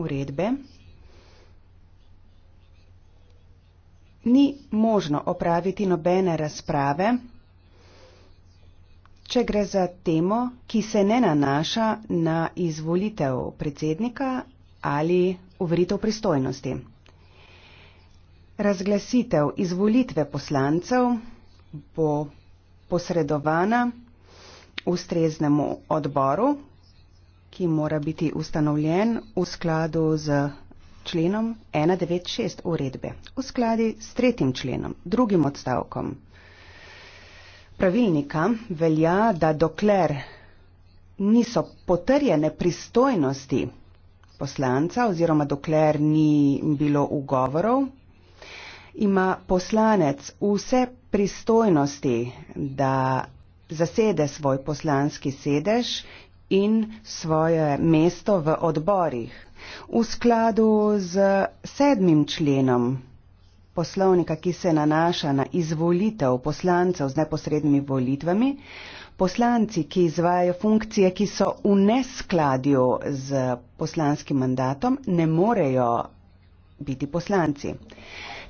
uredbe ni možno opraviti nobene razprave, če gre za temo, ki se ne nanaša na izvolitev predsednika ali uveritev pristojnosti. Razglasitev izvolitve poslancev bo posredovana ustreznemu odboru, ki mora biti ustanovljen v skladu z členom 196 uredbe, v skladi s tretjim členom, drugim odstavkom. Pravilnika velja, da dokler niso potrjene pristojnosti poslanca oziroma dokler ni bilo ugovorov, ima poslanec vse pristojnosti, da zasede svoj poslanski sedež in svoje mesto v odborih. V skladu z sedmim členom poslovnika, ki se nanaša na izvolitev poslancev z neposrednimi volitvami, poslanci, ki izvajajo funkcije, ki so v neskladju z poslanskim mandatom, ne morejo biti poslanci.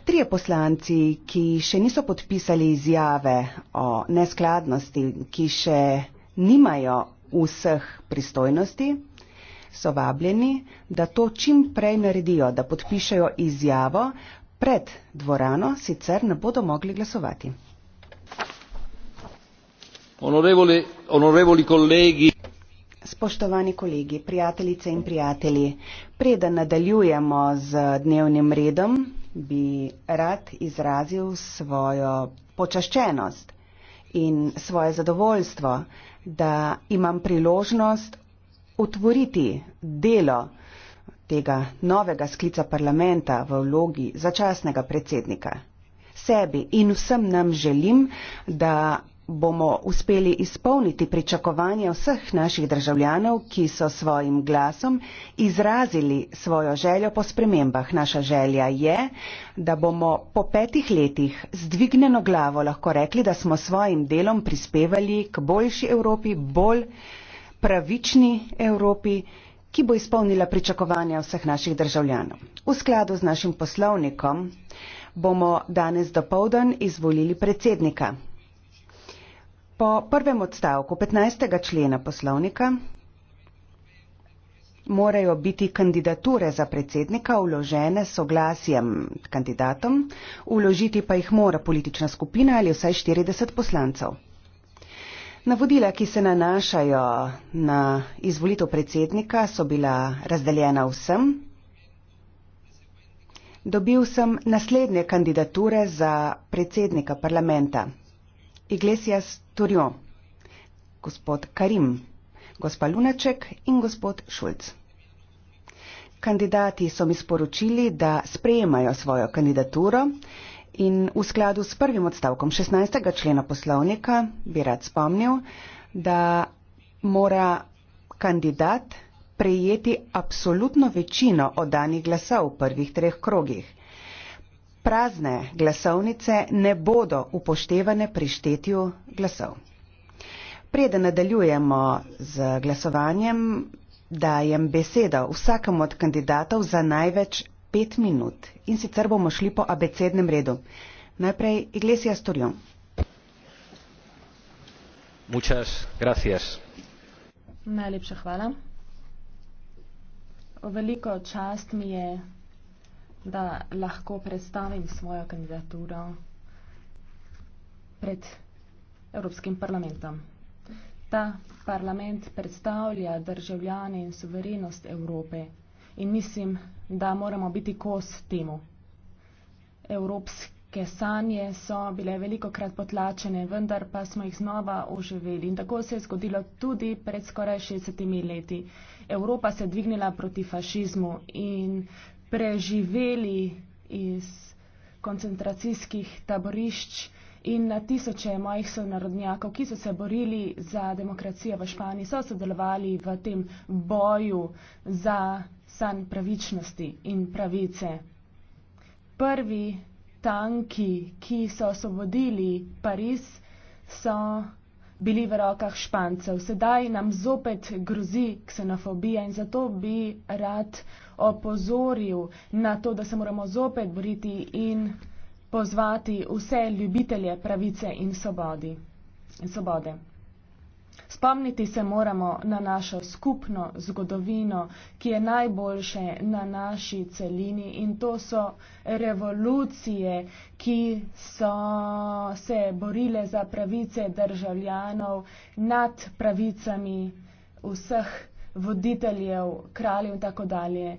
Trije poslanci, ki še niso podpisali izjave o neskladnosti, ki še nimajo vseh pristojnosti, so vabljeni, da to čim prej naredijo, da podpišajo izjavo pred dvorano, sicer ne bodo mogli glasovati. Onorevoli, onorevoli kolegi. Spoštovani kolegi, prijateljice in prijatelji, preden nadaljujemo z dnevnim redom, bi rad izrazil svojo počaščenost in svoje zadovoljstvo, da imam priložnost otvoriti delo tega novega sklica parlamenta v vlogi začasnega predsednika. Sebi in vsem nam želim, da bomo uspeli izpolniti pričakovanja vseh naših državljanov, ki so svojim glasom izrazili svojo željo po spremembah. Naša želja je, da bomo po petih letih z dvigneno glavo lahko rekli, da smo svojim delom prispevali k boljši Evropi, bolj pravični Evropi ki bo izpolnila pričakovanja vseh naših državljanov. V skladu z našim poslovnikom bomo danes do povdan izvolili predsednika po prvem odstavku 15. člena poslovnika morajo biti kandidature za predsednika vložene s soglasjem kandidatom, vložiti pa jih mora politična skupina ali vsaj 40 poslancev. Navodila, ki se nanašajo na izvolitev predsednika, so bila razdeljena vsem. Dobil sem naslednje kandidature za predsednika parlamenta. Iglesias Turjo, gospod Karim, gospa Lunaček in gospod Šulc. Kandidati so mi sporočili, da sprejemajo svojo kandidaturo in v skladu s prvim odstavkom 16. člena poslovnika bi rad spomnil, da mora kandidat prejeti absolutno večino oddanih glasov v prvih treh krogih. Prazne glasovnice ne bodo upoštevane pri štetju glasov. Preden nadaljujemo z glasovanjem, dajem besedo vsakemu od kandidatov za največ pet minut in sicer bomo šli po abecednem redu. Najprej Iglesija Storjo. Najlepša hvala. Veliko čast mi je da lahko predstavim svojo kandidaturo pred Evropskim parlamentom. Ta parlament predstavlja državljane in suverenost Evrope in mislim, da moramo biti kos temu. Evropske sanje so bile veliko krat potlačene, vendar pa smo jih znova oživeli in tako se je zgodilo tudi pred skoraj 60 leti. Evropa se je dvignila proti fašizmu in preživeli iz koncentracijskih taborišč in na tisoče mojih sonarodnjakov, ki so se borili za demokracijo v Španiji, so sodelovali v tem boju za san pravičnosti in pravice. Prvi tanki, ki so osvobodili Pariz, so bili v rokah špancev. Sedaj nam zopet grozi ksenofobija in zato bi rad opozoril na to, da se moramo zopet boriti in pozvati vse ljubitelje pravice in svobode. Spomniti se moramo na našo skupno zgodovino, ki je najboljše na naši celini in to so revolucije, ki so se borile za pravice državljanov nad pravicami vseh voditeljev, kraljev in tako dalje.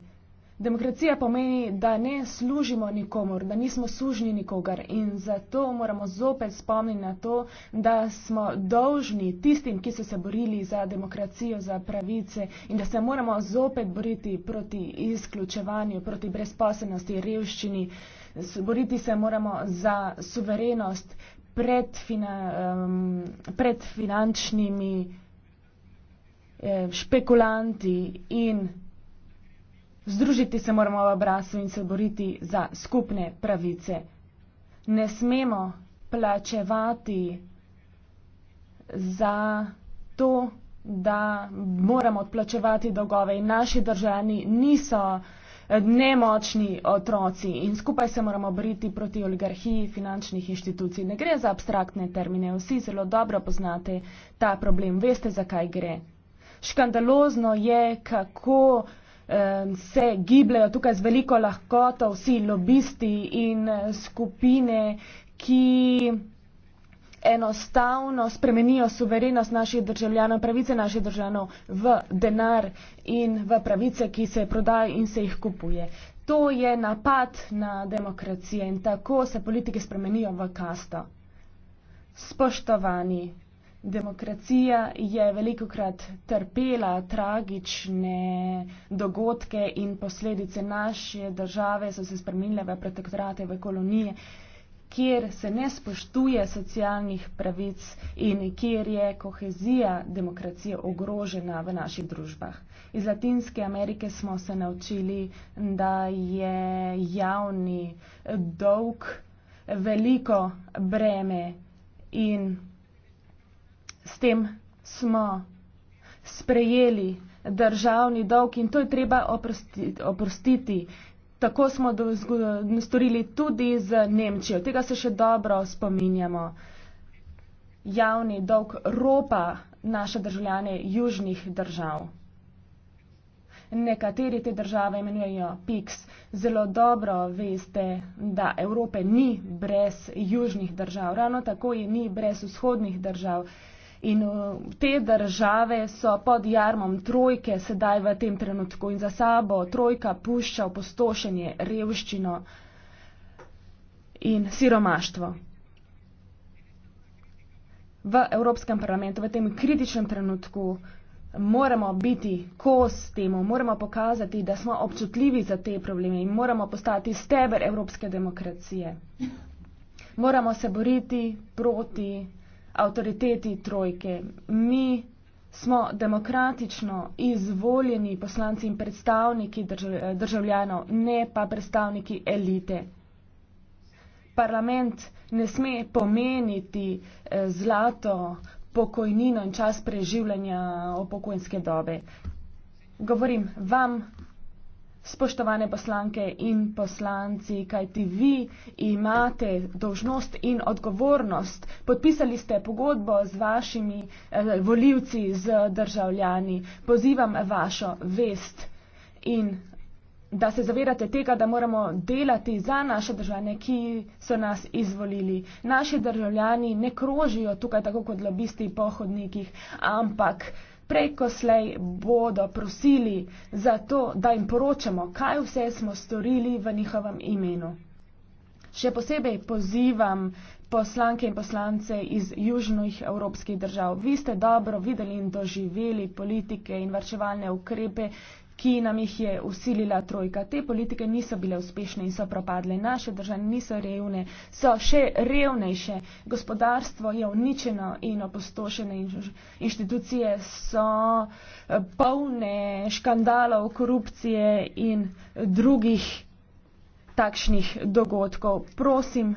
Demokracija pomeni, da ne služimo nikomor, da nismo sužnji nikogar in zato moramo zopet spomniti na to, da smo dolžni tistim, ki so se borili za demokracijo, za pravice in da se moramo zopet boriti proti izključevanju, proti brezposobnosti, revščini. Boriti se moramo za suverenost pred, fina, um, pred finančnimi eh, špekulanti in. Združiti se moramo v obrazu in se boriti za skupne pravice. Ne smemo plačevati za to, da moramo odplačevati dolgove in naši državljani niso eh, nemočni otroci in skupaj se moramo boriti proti oligarhiji finančnih inštitucij. Ne gre za abstraktne termine, vsi zelo dobro poznate ta problem, veste, zakaj gre. Škandalozno je, kako se gibljajo tukaj z veliko lahkoto vsi lobisti in eh, skupine, ki enostavno spremenijo suverenost naših državljanov, pravice naših državljanov v denar in v pravice, ki se prodajo in se jih kupuje. To je napad na demokracijo in tako se politike spremenijo v kasto. Spoštovani, demokracija je veliko krat trpela tragične dogodke in posledice naše države so se spremenile v protektorate, v kolonije, kjer se ne spoštuje socialnih pravic in kjer je kohezija demokracije ogrožena v naših družbah. Iz Latinske Amerike smo se naučili, da je javni dolg veliko breme in S tem smo sprejeli državni dolg in to je treba oprostiti. oprostiti. Tako smo storili tudi z Nemčijo. Tega se še dobro spominjamo. Javni dolg ropa naše državljane južnih držav. Nekateri te države imenujejo PIX. Zelo dobro veste, da Evrope ni brez južnih držav. Ravno tako je ni brez vzhodnih držav. In uh, te države so pod jarmom trojke sedaj v tem trenutku in za sabo trojka pušča opustošenje, revščino in siromaštvo. V Evropskem parlamentu v tem kritičnem trenutku moramo biti kos temu, moramo pokazati, da smo občutljivi za te probleme in moramo postati steber evropske demokracije. Moramo se boriti proti avtoriteti trojke. Mi smo demokratično izvoljeni poslanci in predstavniki eh, državljanov, ne pa predstavniki elite. Parlament ne sme pomeniti eh, zlato pokojnino in čas preživljanja opokojenske dobe. Govorim vam, spoštovane poslanke in poslanci, kajti vi imate dožnost in odgovornost. Podpisali ste pogodbo z vašimi eh, voljivci, z državljani. Pozivam vašo vest in da se zavedate tega, da moramo delati za naše državljane, ki so nas izvolili. Naši državljani ne krožijo tukaj tako kot lobisti po hodnikih, ampak preko slej bodo prosili za to, da jim poročamo, kaj vse smo storili v njihovem imenu. Še posebej pozivam poslanke in poslance iz južnih evropskih držav. Vi ste dobro videli in doživeli politike in varčevalne ukrepe, ki nam jih je usilila trojka. Te politike niso bile uspešne in so propadle. Naše države niso revne, so še revnejše. Gospodarstvo je uničeno in opustošene inštitucije so eh, polne škandalov, korupcije in drugih takšnih dogodkov. Prosim,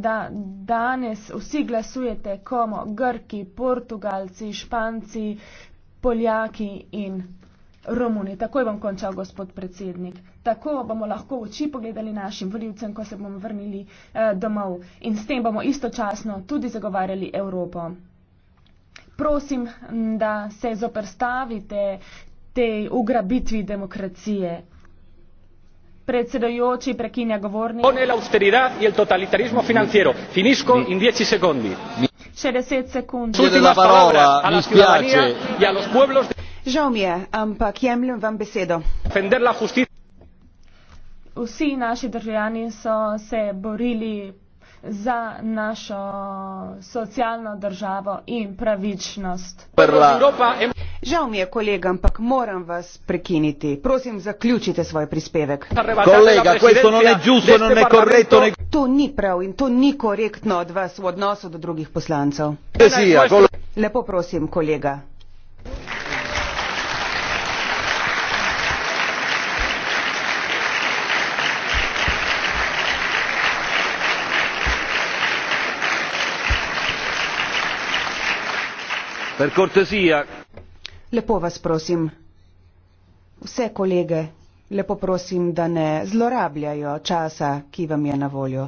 da danes vsi glasujete komo, Grki, Portugalci, Španci, Poljaki in Romuni. Takoj bom končal, gospod predsednik. Tako bomo lahko v oči pogledali našim voljivcem, ko se bomo vrnili eh, domov in s tem bomo istočasno tudi zagovarjali Evropo. Prosim, da se zoprstavite tej ugrabitvi demokracije. Predsedujoči prekinja govornik. Še deset sekund žal mi je ampak jemljem vam besedo vsi naši državljani so se borili za našo socialno državo in pravičnost žal mi je kolega ampak moram vas prekiniti prosim zaključite svoj prispevek to ni prav in to ni korektno od vas v odnosu do drugih poslancev lepo prosim kolega Per cortesia. Lepo vas prosim. Vse kolege, lepo prosim, da ne zlorabljajo časa, ki vam je na voljo.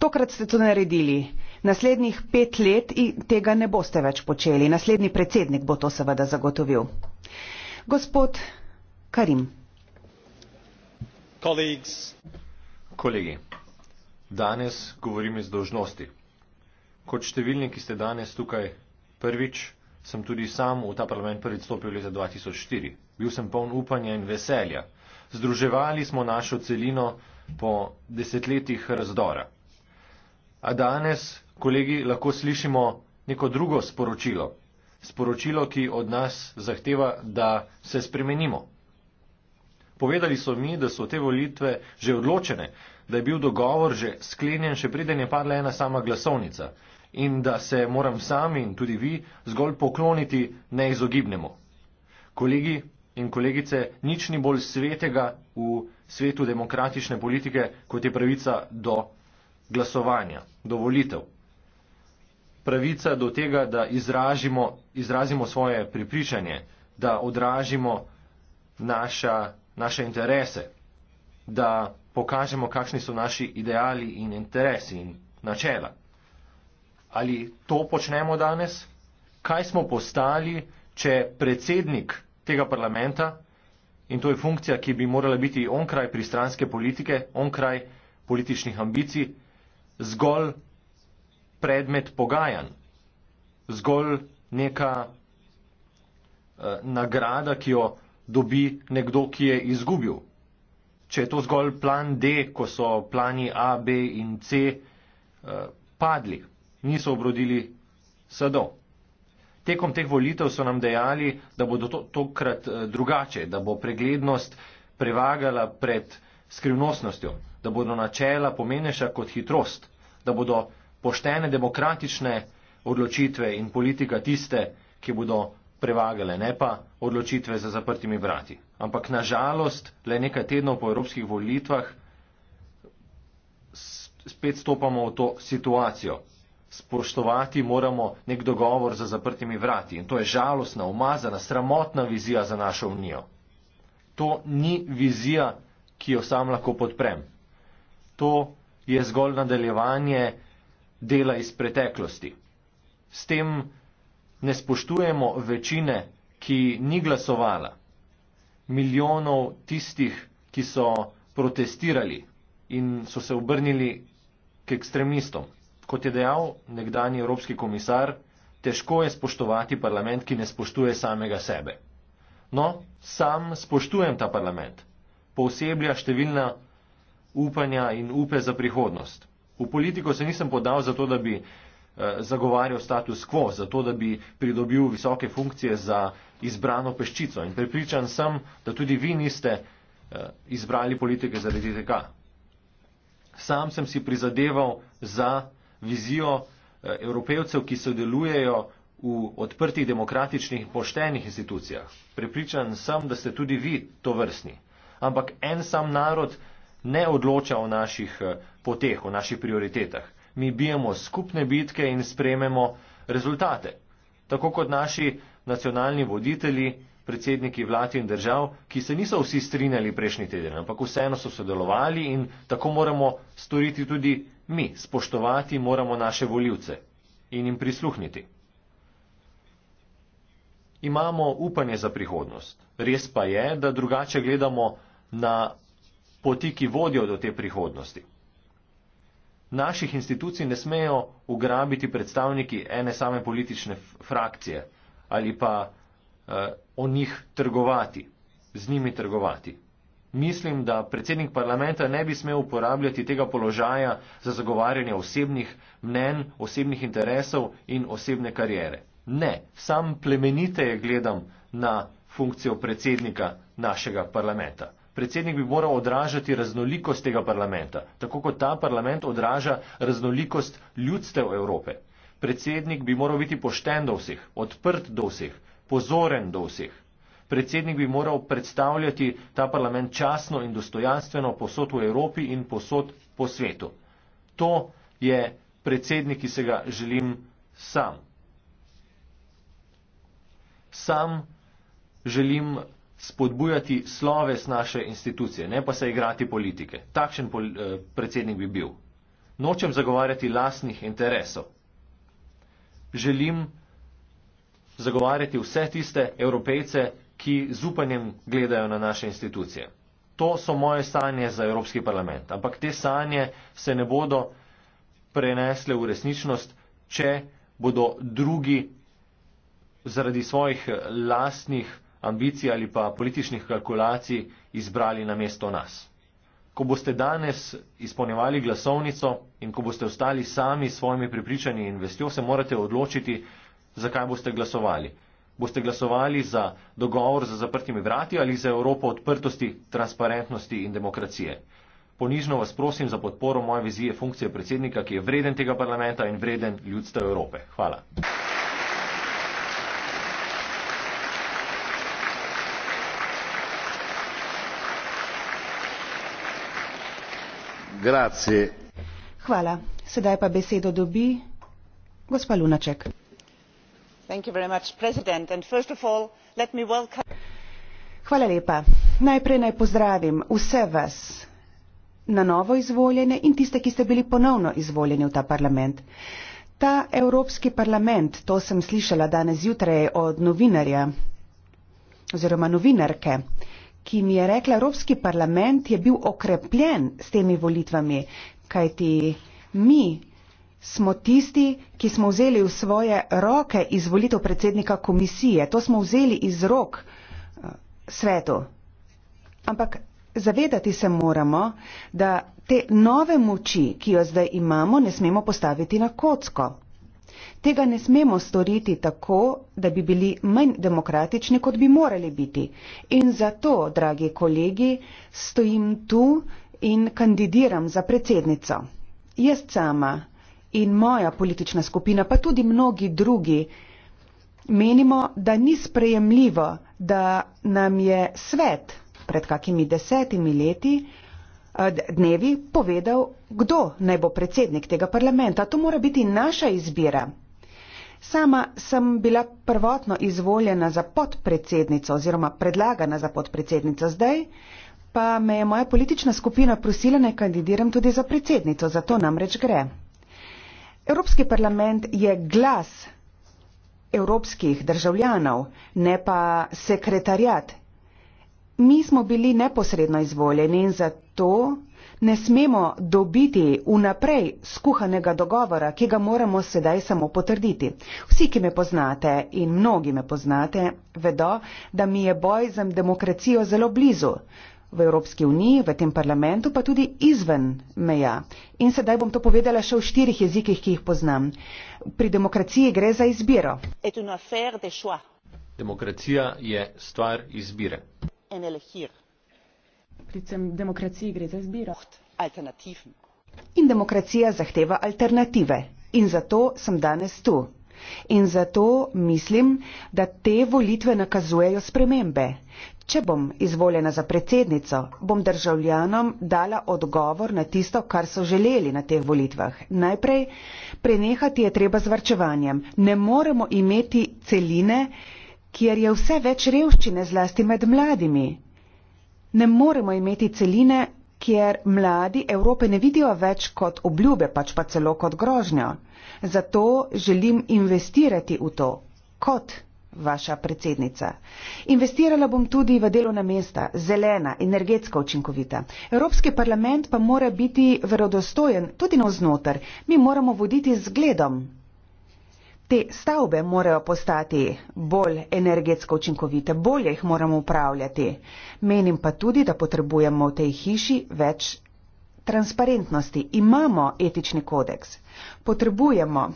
Tokrat ste to naredili. Naslednjih pet let in tega ne boste več počeli. Naslednji predsednik bo to seveda zagotovil. Gospod Karim. Colleagues. Kolegi, danes govorim iz dožnosti. Kot številni, ki ste danes tukaj prvič, sem tudi sam v ta parlament prvi stopil leta 2004. Bil sem poln upanja in veselja. Združevali smo našo celino po desetletjih razdora. A danes, kolegi, lahko slišimo neko drugo sporočilo. Sporočilo, ki od nas zahteva, da se spremenimo. Povedali so mi, da so te volitve že odločene, da je bil dogovor že sklenjen, še preden je padla ena sama glasovnica in da se moram sam in tudi vi zgolj pokloniti neizogibnemu. Kolegi in kolegice, nič ni bolj svetega v svetu demokratične politike, kot je pravica do glasovanja, do volitev. Pravica do tega, da izražimo, izrazimo svoje pripričanje, da odražimo naša, naše interese, da pokažemo, kakšni so naši ideali in interesi in načela ali to počnemo danes? Kaj smo postali, če predsednik tega parlamenta, in to je funkcija, ki bi morala biti onkraj pristranske politike, onkraj političnih ambicij, zgolj predmet pogajanj, zgolj neka eh, nagrada, ki jo dobi nekdo, ki je izgubil. Če je to zgolj plan D, ko so plani A, B in C eh, padli niso obrodili sadov. Tekom teh volitev so nam dejali, da bodo to, tokrat eh, drugače, da bo preglednost prevagala pred skrivnostnostjo, da bodo načela pomenejša kot hitrost, da bodo poštene demokratične odločitve in politika tiste, ki bodo prevagale, ne pa odločitve za zaprtimi vrati. Ampak nažalost, le nekaj tednov po evropskih volitvah spet stopamo v to situacijo spoštovati moramo nek dogovor za zaprtimi vrati. In to je žalostna, umazana, sramotna vizija za našo unijo. To ni vizija, ki jo sam lahko podprem. To je zgolj nadaljevanje dela iz preteklosti. S tem ne spoštujemo večine, ki ni glasovala. Milijonov tistih, ki so protestirali in so se obrnili k ekstremistom. Kot je dejal nekdani evropski komisar, težko je spoštovati parlament, ki ne spoštuje samega sebe. No, sam spoštujem ta parlament. Poseblja številna upanja in upe za prihodnost. V politiko se nisem podal zato, da bi eh, zagovarjal status quo, zato da bi pridobil visoke funkcije za izbrano peščico. In prepričan sem, da tudi vi niste eh, izbrali politike zaradi tega. Sam sem si prizadeval za vizijo eh, evropejcev, ki sodelujejo v odprtih, demokratičnih, poštenih institucijah. Prepričan sem, da ste tudi vi to vrstni. Ampak en sam narod ne odloča o naših eh, poteh, o naših prioritetah. Mi bijemo skupne bitke in sprememo rezultate. Tako kot naši nacionalni voditelji, predsedniki vlad in držav, ki se niso vsi strinjali prejšnji teden, ampak vseeno so sodelovali in tako moramo storiti tudi mi spoštovati moramo naše voljivce in jim prisluhniti. Imamo upanje za prihodnost. Res pa je, da drugače gledamo na poti, ki vodijo do te prihodnosti. Naših institucij ne smejo ugrabiti predstavniki ene same politične frakcije ali pa eh, o njih trgovati, z njimi trgovati mislim, da predsednik parlamenta ne bi smel uporabljati tega položaja za zagovarjanje osebnih mnen, osebnih interesov in osebne karijere. Ne, sam plemeniteje gledam na funkcijo predsednika našega parlamenta. Predsednik bi moral odražati raznolikost tega parlamenta, tako kot ta parlament odraža raznolikost ljudstev Evrope. Predsednik bi moral biti pošten do vseh, odprt do vseh, pozoren do vseh. Predsednik bi moral predstavljati ta parlament časno in dostojanstveno posod v Evropi in posod po svetu. To je predsednik, ki se ga želim sam. Sam želim spodbujati slove s naše institucije, ne pa se igrati politike. Takšen pol, eh, predsednik bi bil. Nočem zagovarjati lasnih interesov. Želim zagovarjati vse tiste evropejce, ki z upanjem gledajo na naše institucije. To so moje sanje za Evropski parlament. Ampak te sanje se ne bodo prenesle v resničnost, če bodo drugi zaradi svojih lastnih ambicij ali pa političnih kalkulacij izbrali na mesto nas. Ko boste danes izpolnjevali glasovnico in ko boste ostali sami s svojimi prepričanji in vestjo, se morate odločiti, zakaj boste glasovali. Boste glasovali za dogovor za zaprtimi vrati ali za Evropo odprtosti, transparentnosti in demokracije? Ponižno vas prosim za podporo moje vizije funkcije predsednika, ki je vreden tega parlamenta in vreden ljudstva Evrope. Hvala. Grazie. Hvala. Sedaj pa besedo dobi gospa Lunaček najprej naj pozdravim vse vas na novo izvoljene in tiste ki ste bili ponovno izvoljeni v ta parlament ta evropski parlament to sem slišala danes zjutraj od novinarja oziroma novinarke ki mi je rekla evropski parlament je bil okrepljen s temi volitvami kajti mi smo tisti, ki smo vzeli v svoje roke izvolitev predsednika komisije. To smo vzeli iz rok eh, svetu. Ampak zavedati se moramo, da te nove moči, ki jo zdaj imamo, ne smemo postaviti na kocko. Tega ne smemo storiti tako, da bi bili manj demokratični, kot bi morali biti. In zato, dragi kolegi, stojim tu in kandidiram za predsednico. Jaz sama in moja politična skupina, pa tudi mnogi drugi, menimo, da ni sprejemljivo, da nam je svet pred kakimi desetimi leti eh, dnevi povedal, kdo naj bo predsednik tega parlamenta. To mora biti naša izbira. Sama sem bila prvotno izvoljena za podpredsednico oziroma predlagana za podpredsednico zdaj, pa me je moja politična skupina prosila, da kandidiram tudi za predsednico. Zato namreč gre. Evropski parlament je glas evropskih državljanov, ne pa sekretarjat. Mi smo bili neposredno izvoljeni in zato ne smemo dobiti vnaprej skuhanega dogovora, ki ga moramo sedaj samo potrditi. Vsi, ki me poznate in mnogi me poznate, vedo, da mi je boj za demokracijo zelo blizu v Evropski uniji, v tem parlamentu, pa tudi izven meja. In sedaj bom to povedala še v štirih jezikih, ki jih poznam. Pri demokraciji gre za izbiro. Demokracija je stvar izbire. Pri tem demokraciji gre za izbiro. In demokracija zahteva alternative. In zato sem danes tu. In zato mislim, da te volitve nakazujejo spremembe. Če bom izvoljena za predsednico, bom državljanom dala odgovor na tisto, kar so želeli na teh volitvah. Najprej, prenehati je treba z varčevanjem. Ne moremo imeti celine, kjer je vse več revščine zlasti med mladimi. Ne moremo imeti celine, kjer mladi Evrope ne vidijo več kot obljube, pač pa celo kot grožnjo. Zato želim investirati v to kot vaša predsednica. Investirala bom tudi v delovna mesta, zelena, energetsko učinkovita. Evropski parlament pa mora biti verodostojen tudi na vznoter. Mi moramo voditi zgledom. Te stavbe morajo postati bolj energetsko učinkovite, bolje jih moramo upravljati. Menim pa tudi, da potrebujemo v tej hiši več transparentnosti. Imamo etični kodeks. Potrebujemo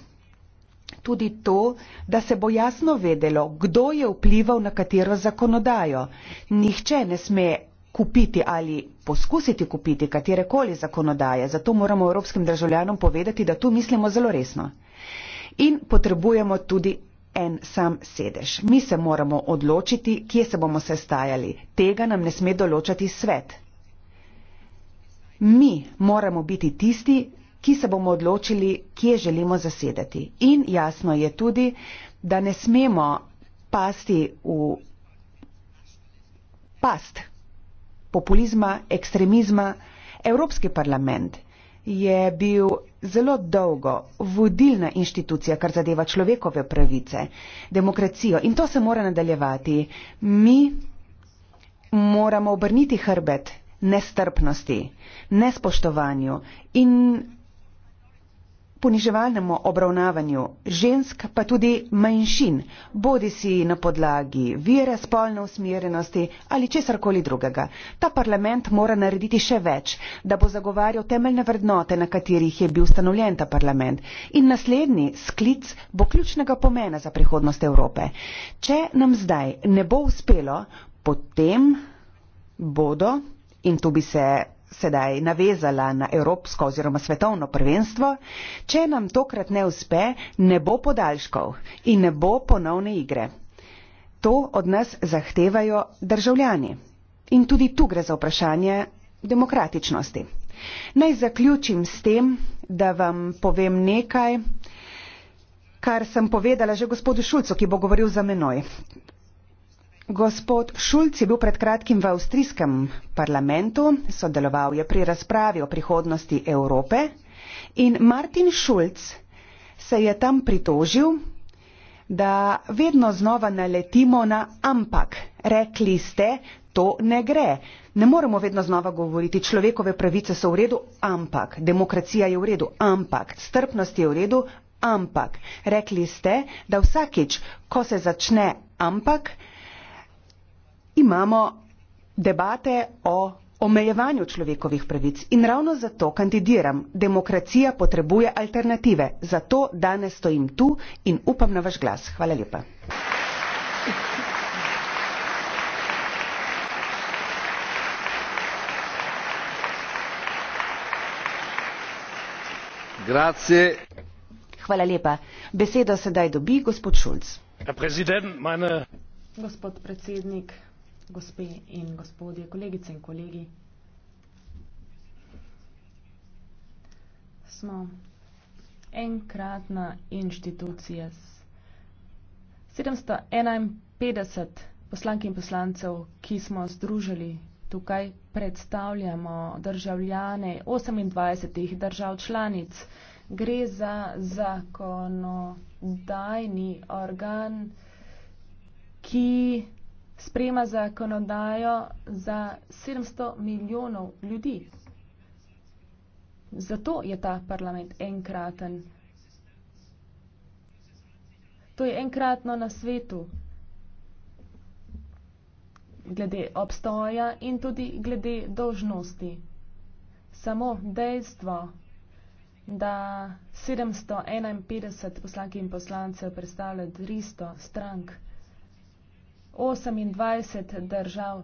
Tudi to, da se bo jasno vedelo, kdo je vplival na katero zakonodajo. Nihče ne sme kupiti ali poskusiti kupiti katerekoli zakonodaje, zato moramo evropskim državljanom povedati, da tu mislimo zelo resno. In potrebujemo tudi en sam sedež. Mi se moramo odločiti, kje se bomo sestajali. Tega nam ne sme določati svet. Mi moramo biti tisti, ki se bomo odločili, kje želimo zasedati. In jasno je tudi, da ne smemo pasti v past populizma, ekstremizma. Evropski parlament je bil zelo dolgo vodilna inštitucija, kar zadeva človekove pravice, demokracijo in to se mora nadaljevati. Mi moramo obrniti hrbet nestrpnosti, nespoštovanju in poniževalnemu obravnavanju žensk, pa tudi manjšin, bodi si na podlagi vire, spolne usmerjenosti ali česarkoli drugega. Ta parlament mora narediti še več, da bo zagovarjal temeljne vrednote, na katerih je bil ustanovljen ta parlament. In naslednji sklic bo ključnega pomena za prihodnost Evrope. Če nam zdaj ne bo uspelo, potem bodo, in tu bi se sedaj navezala na evropsko oziroma svetovno prvenstvo, če nam tokrat ne uspe, ne bo podaljškov in ne bo ponovne igre. To od nas zahtevajo državljani. In tudi tu gre za vprašanje demokratičnosti. Naj zaključim s tem, da vam povem nekaj, kar sem povedala že gospodu Šulcu, ki bo govoril za menoj. Gospod Šulc je bil pred kratkim v avstrijskem parlamentu, sodeloval je pri razpravi o prihodnosti Evrope in Martin Šulc se je tam pritožil, da vedno znova naletimo na ampak. Rekli ste, to ne gre. Ne moremo vedno znova govoriti, človekove pravice so v redu, ampak, demokracija je v redu, ampak, strpnost je v redu, ampak. Rekli ste, da vsakič, ko se začne ampak, imamo debate o omejevanju človekovih pravic in ravno zato kandidiram. Demokracija potrebuje alternative. Zato danes stojim tu in upam na vaš glas. Hvala lepa. Grazie. Hvala lepa. Besedo sedaj dobi gospod Šulc. Gospod predsednik, gospe in gospodje, kolegice in kolegi. Smo enkratna inštitucija s 751 poslanki in poslancev, ki smo združili tukaj, predstavljamo državljane 28 držav članic. Gre za zakonodajni organ, ki sprema zakonodajo za 700 milijonov ljudi. Zato je ta parlament enkraten. To je enkratno na svetu, glede obstoja in tudi glede dožnosti. Samo dejstvo, da 751 poslanki in poslancev predstavlja 300 strank. 28 držav,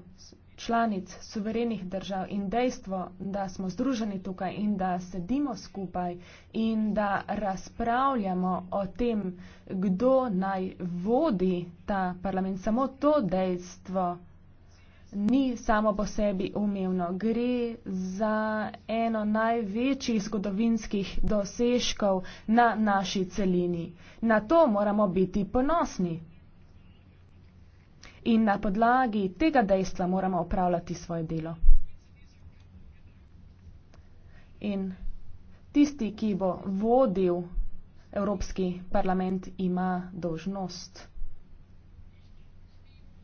članic suverenih držav in dejstvo, da smo združeni tukaj in da sedimo skupaj in da razpravljamo o tem, kdo naj vodi ta parlament. Samo to dejstvo ni samo po sebi umevno. Gre za eno največjih zgodovinskih dosežkov na naši celini. Na to moramo biti ponosni in na podlagi tega dejstva moramo opravljati svoje delo. In tisti, ki bo vodil Evropski parlament, ima dožnost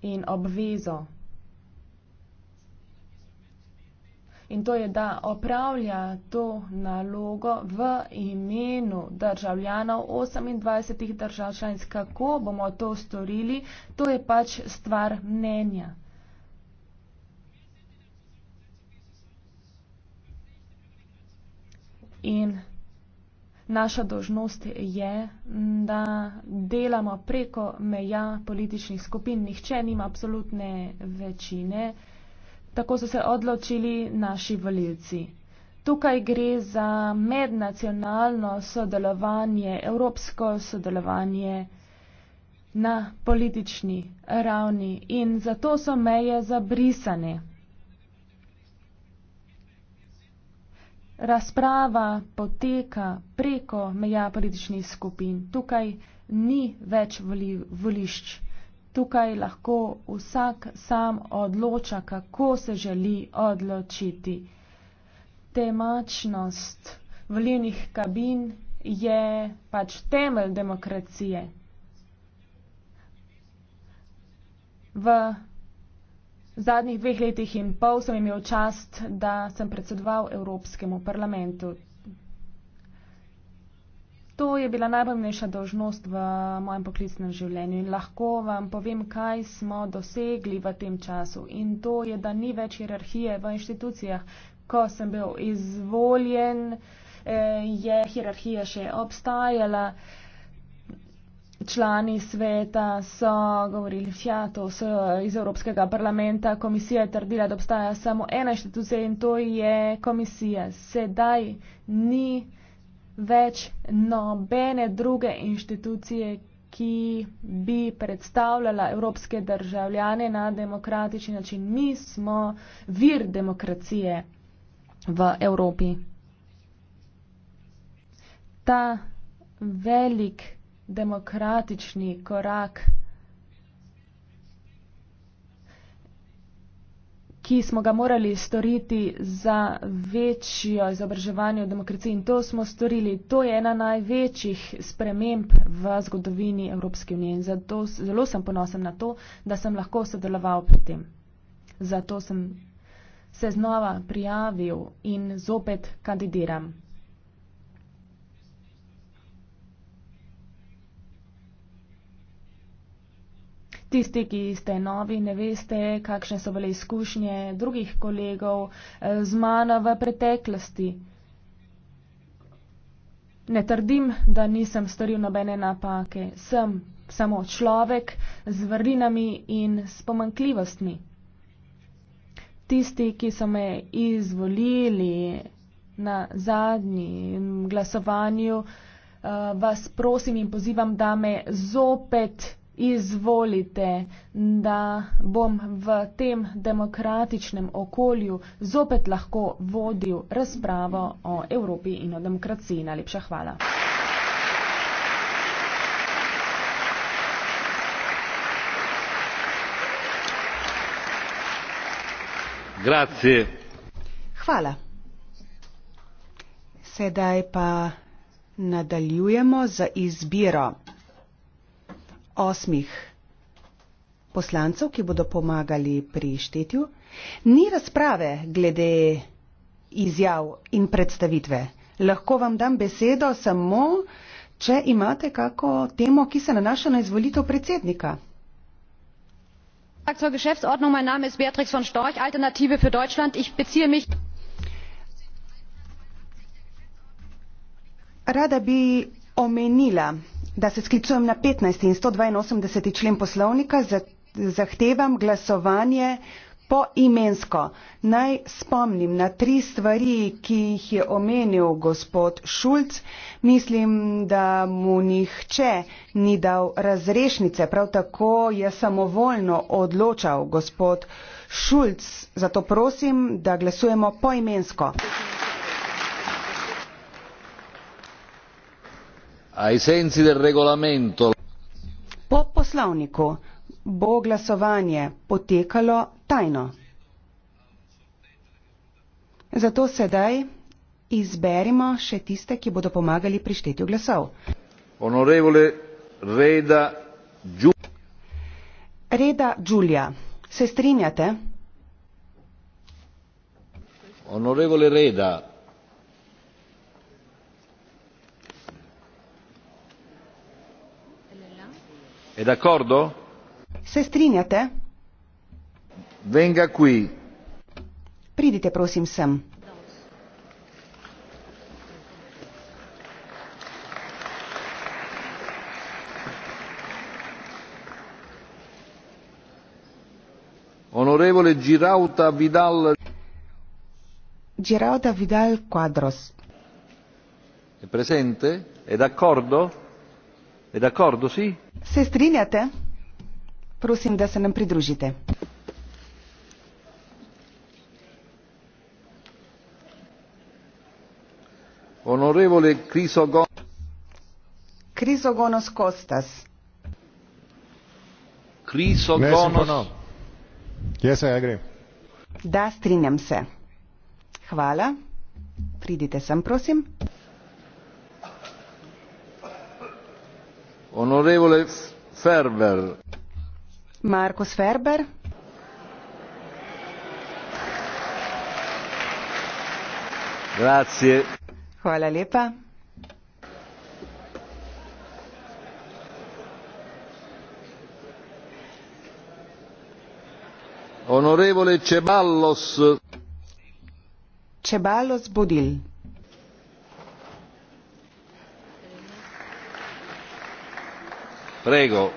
in obvezo in to je, da opravlja to nalogo v imenu državljanov 28 držav članic. Kako bomo to storili, to je pač stvar mnenja. In naša dožnost je, da delamo preko meja političnih skupin. Nihče nima absolutne večine tako so se odločili naši valilci. Tukaj gre za mednacionalno sodelovanje, evropsko sodelovanje na politični ravni in zato so meje zabrisane. Razprava poteka preko meja političnih skupin. Tukaj ni več voli, volišč. Tukaj lahko vsak sam odloča, kako se želi odločiti. Temačnost volilnih kabin je pač temelj demokracije. V zadnjih dveh letih in pol sem imel čast, da sem predsedoval Evropskemu parlamentu to je bila najpomembnejša dožnost v mojem poklicnem življenju in lahko vam povem, kaj smo dosegli v tem času. In to je, da ni več hierarhije v inštitucijah. Ko sem bil izvoljen, eh, je hierarhija še obstajala. Člani sveta so govorili, ja, to so iz Evropskega parlamenta, komisija je trdila, da obstaja samo ena inštitucija in to je komisija. Sedaj ni več nobene druge inštitucije, ki bi predstavljala evropske državljane na demokratični način. Mi smo vir demokracije v Evropi. Ta velik demokratični korak ki smo ga morali storiti za večjo izobraževanje v demokraciji in to smo storili. To je ena največjih sprememb v zgodovini Evropske unije in zato zelo sem ponosen na to, da sem lahko sodeloval pri tem. Zato sem se znova prijavil in zopet kandidiram. tisti, ki ste novi, ne veste, kakšne so bile izkušnje drugih kolegov eh, z mano v preteklosti. Ne trdim, da nisem storil nobene napake. Sem samo človek z vrlinami in s pomankljivostmi. Tisti, ki so me izvolili na zadnji glasovanju, eh, vas prosim in pozivam, da me zopet izvolite, da bom v tem demokratičnem okolju zopet lahko vodil razpravo o Evropi in o demokraciji. Najlepša hvala. Grazie. Hvala. Sedaj pa nadaljujemo za izbiro osmih poslancev, ki bodo pomagali pri štetju, ni razprave glede izjav in predstavitve. Lahko vam dam besedo samo, če imate kako temo, ki se nanaša na izvolitev predsednika. Zur Geschäftsordnung. Mein Name ist Beatrix von Storch, Alternative für Deutschland. Ich beziehe mich. Rada bi omenila, da se sklicujem na 15. in 182. člen poslovnika, zahtevam glasovanje poimensko. Naj spomnim na tri stvari, ki jih je omenil gospod Šulc. Mislim, da mu nihče ni dal razrešnice. Prav tako je samovoljno odločal gospod Šulc. Zato prosim, da glasujemo poimensko. Hvala. po poslovniku bo glasovanje potekalo tajno zato sedaj izberimo še tiste ki bodo pomagali pri štetju glasov reda giulia se strinjate? è d'accordo? se strinjate venga qui pridite prosim sem onorevole girauta vidal girauta vidal quadros è presente? è d'accordo? è d'accordo sì? Se strinjate? Prosim, da se nam pridružite. Onorevole Krisogon... Krisogonos Kostas. Krisogonos... Yes, I agree. Da, strinjam se. Hvala. Pridite sem, prosim. markus ferber Grazie. Hvala lepa. Onorevole Ceballos. Ceballos Budil. morten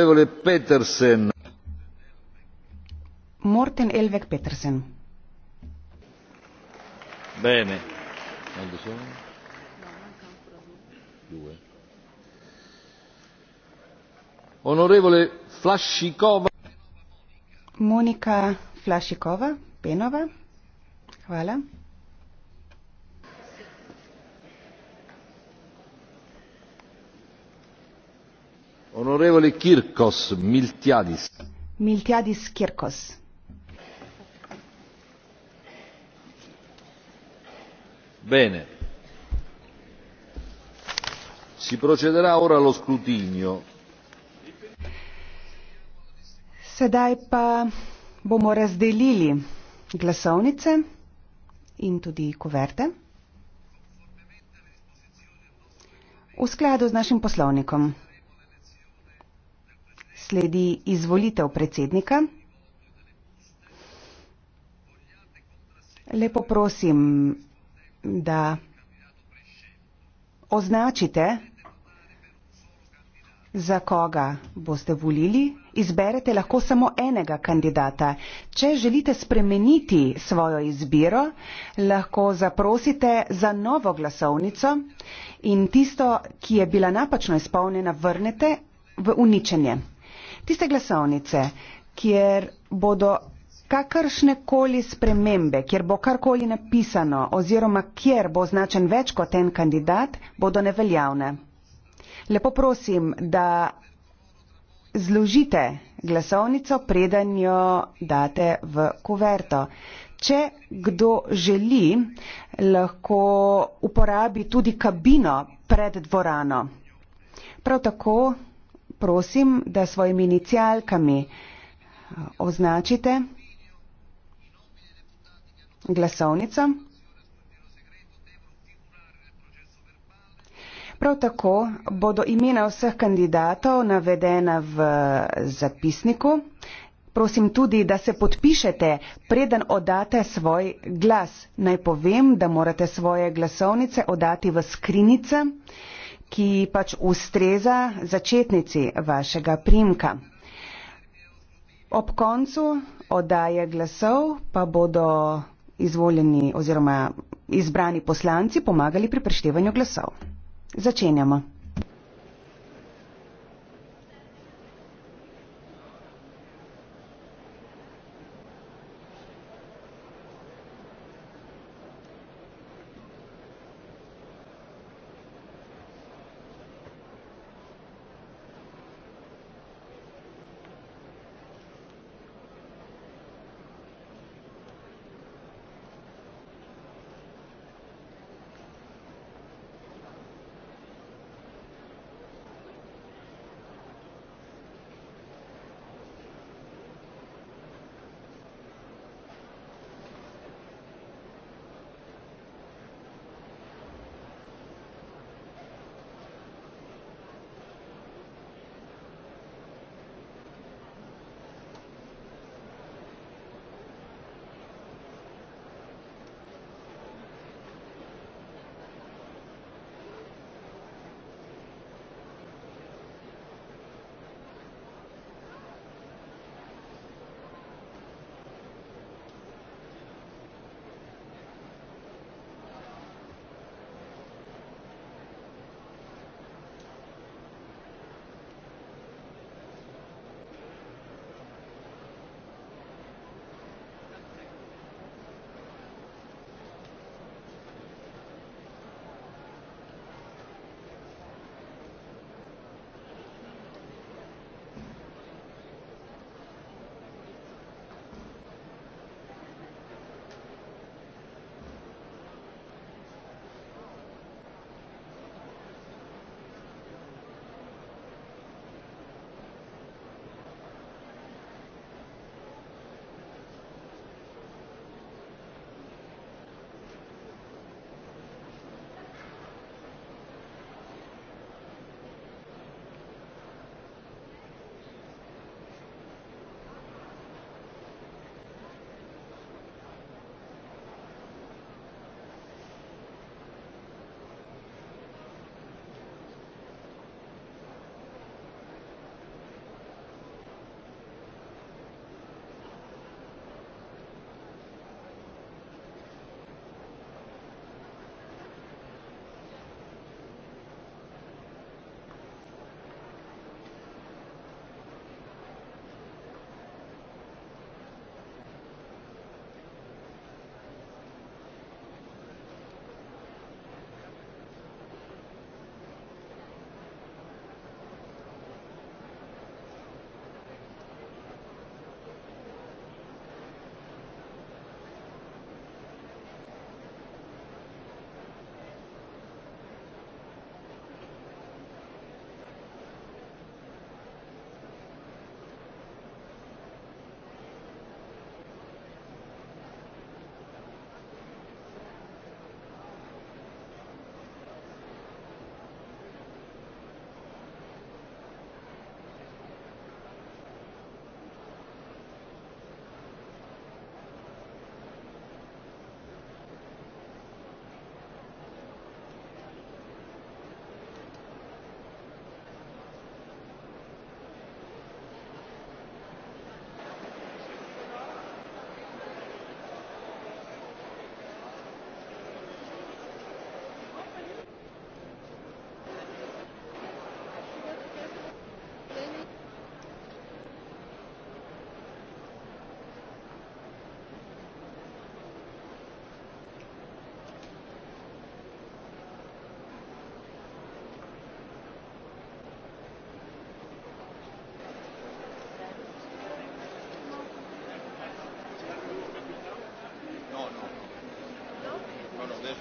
elvek petersen no, onorevole flakov monika flakov penova hvala. onorevole Kirkos Miltiadis. Miltiadis Kirkos. Bene. Si procederà ora allo scrutinio. Sedaj pa bomo razdelili glasovnice in tudi kuverte v skladu z našim poslovnikom sledi izvolitev predsednika. Lepo prosim, da označite, za koga boste volili. Izberete lahko samo enega kandidata. Če želite spremeniti svojo izbiro, lahko zaprosite za novo glasovnico in tisto, ki je bila napačno izpolnjena, vrnete v uničenje tiste glasovnice, kjer bodo kakršne koli spremembe, kjer bo karkoli napisano oziroma kjer bo označen več kot en kandidat, bodo neveljavne. Lepo prosim, da zložite glasovnico, preden jo date v kuverto. Če kdo želi, lahko uporabi tudi kabino pred dvorano. Prav tako prosim, da svojimi inicijalkami eh, označite glasovnico. Prav tako bodo imena vseh kandidatov navedena v zapisniku. Prosim tudi, da se podpišete, preden odate svoj glas. Naj povem, da morate svoje glasovnice odati v skrinice ki pač ustreza začetnici vašega primka. Ob koncu oddaje glasov pa bodo izvoljeni oziroma izbrani poslanci pomagali pri preštevanju glasov. Začenjamo.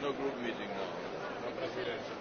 no group meeting now. No presidential.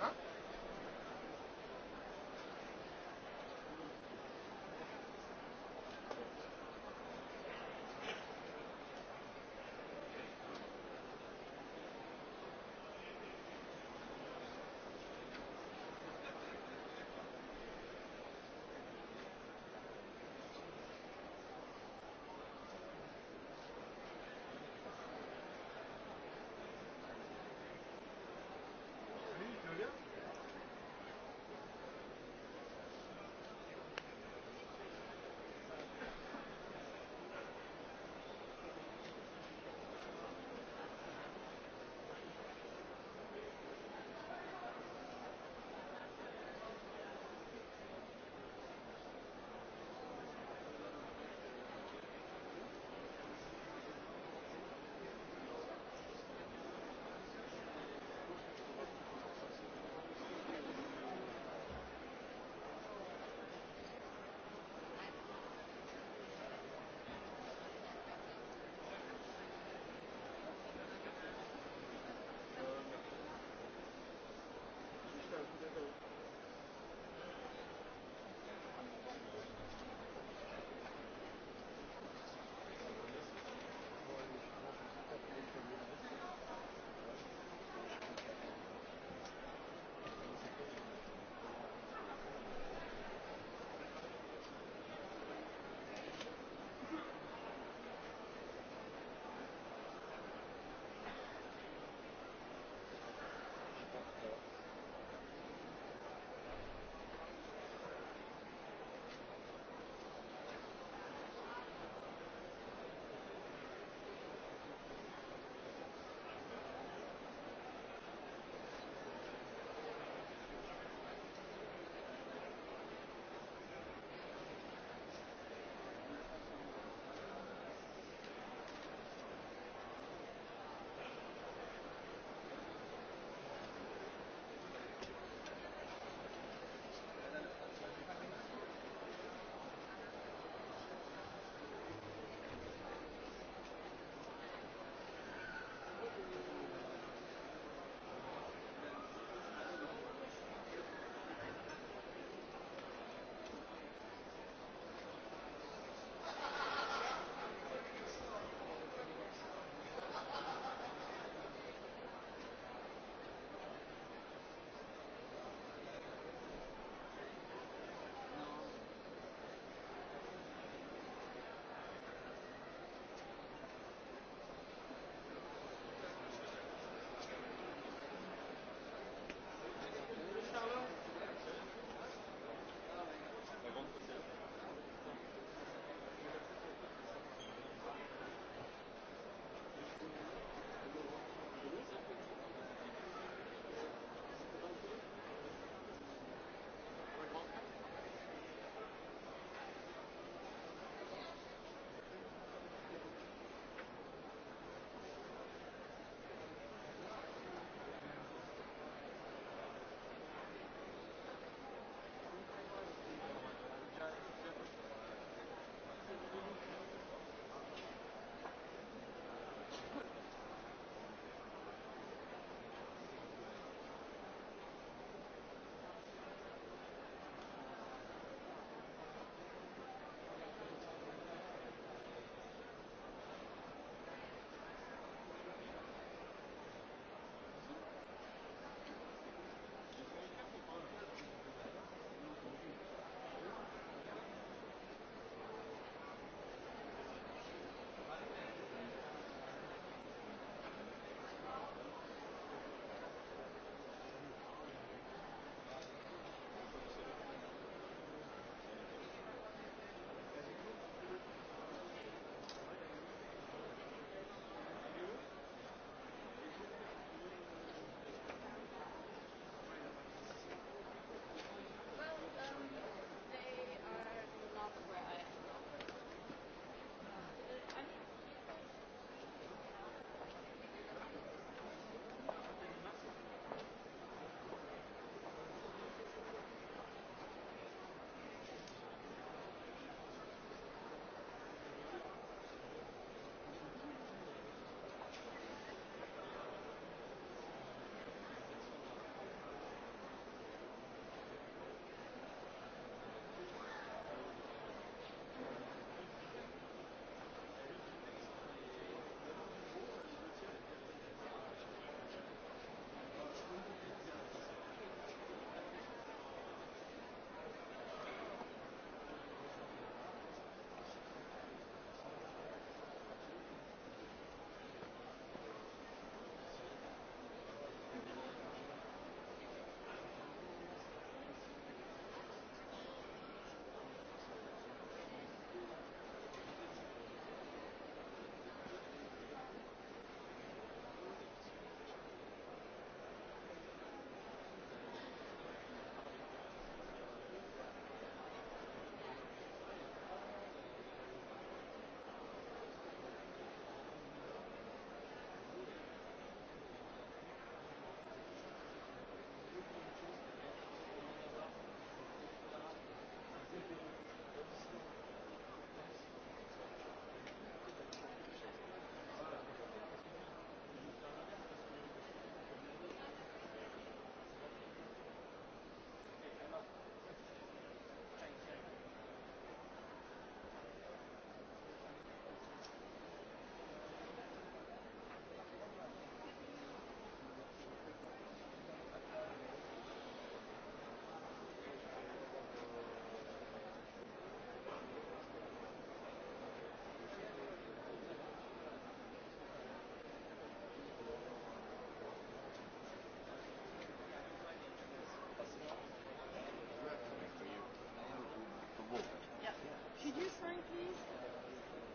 Huh?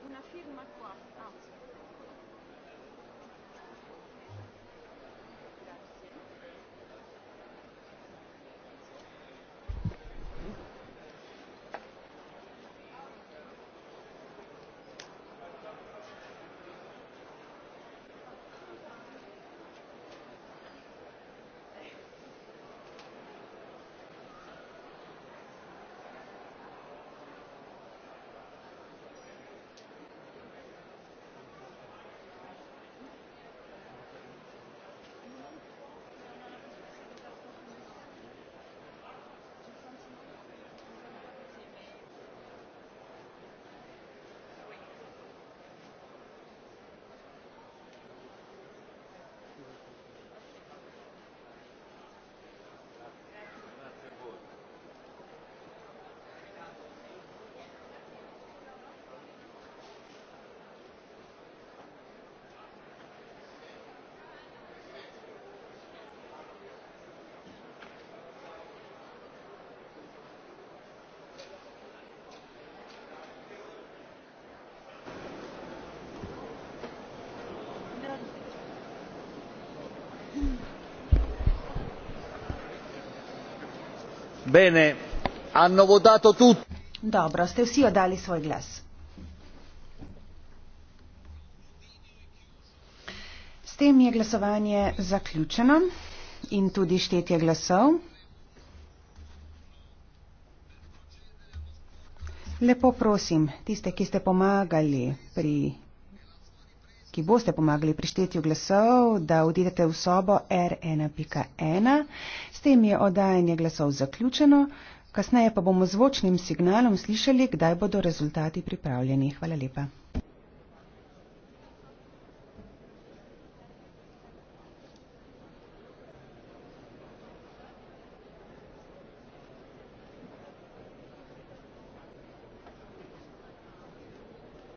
una firma qua. bene hanno votato tutti. S tem je glasovanje zaključeno in tudi štetje glasov. Lepo prosim tiste, ki ste pomagali pri, ki boste pomagali pri štetju glasov, da odidete v sobo r1.1 tem je oddajanje glasov zaključeno, kasneje pa bomo zvočnim signalom slišali, kdaj bodo rezultati pripravljeni. Hvala lepa.